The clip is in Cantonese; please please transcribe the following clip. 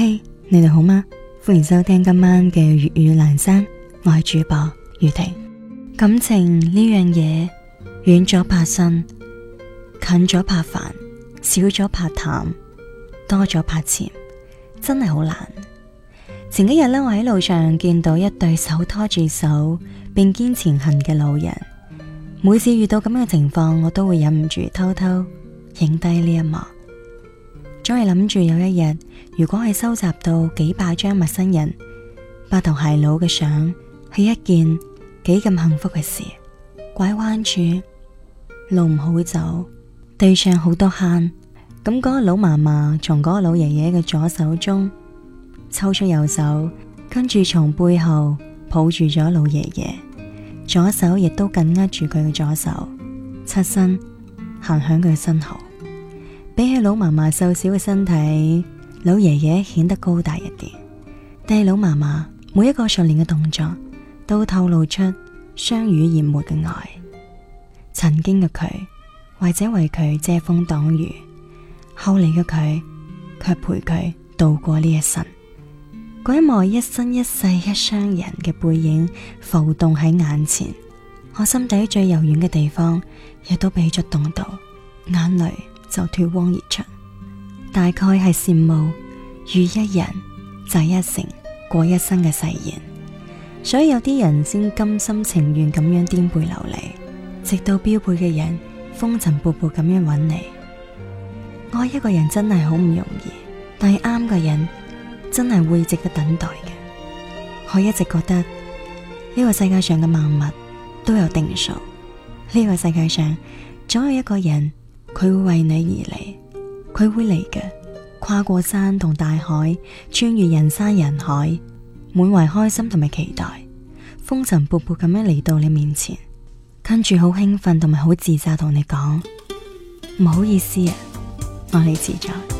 嘿，hey, 你哋好嗎？歡迎收聽今晚嘅粵語闌珊，我係主播雨婷。感情呢樣嘢，遠咗怕生，近咗怕煩，少咗怕淡，多咗怕纏，真係好難。前幾日呢，我喺路上見到一對手拖住手並肩前行嘅老人，每次遇到咁樣嘅情況，我都會忍唔住偷偷影低呢一幕。因為諗住有一日，如果係收集到幾百張陌生人白頭偕老嘅相，係一件幾咁幸福嘅事。拐彎處路唔好走，地上好多坑，咁、那、嗰個老嫲嫲從嗰個老爺爺嘅左手中抽出右手，跟住從背後抱住咗老爺爺，左手亦都緊握住佢嘅左手，側身行響佢嘅身後。比起老嫲嫲瘦小嘅身體，老爺爺顯得高大一啲。但係老嫲嫲每一個熟練嘅動作，都透露出相濡以沫嘅愛。曾經嘅佢，或者為佢遮風擋雨；後嚟嘅佢，卻陪佢度過呢一生。嗰一幕，一生一世一雙人嘅背影浮動喺眼前，我心底最柔軟嘅地方亦都被觸動到，眼淚。就奪眶而出，大概係羨慕遇一人擇一城過一生嘅誓言，所以有啲人先甘心情願咁樣顛沛流離，直到標配嘅人風塵仆僕咁樣搵你。愛一個人真係好唔容易，但係啱嘅人真係會值得等待嘅。我一直覺得呢個世界上嘅萬物都有定數，呢個世界上總有一個人。佢會為你而嚟，佢會嚟嘅，跨過山同大海，穿越人山人海，滿懷開心同埋期待，風塵僕僕咁樣嚟到你面前，跟住好興奮同埋好自責，同你講唔好意思啊，我嚟遲咗。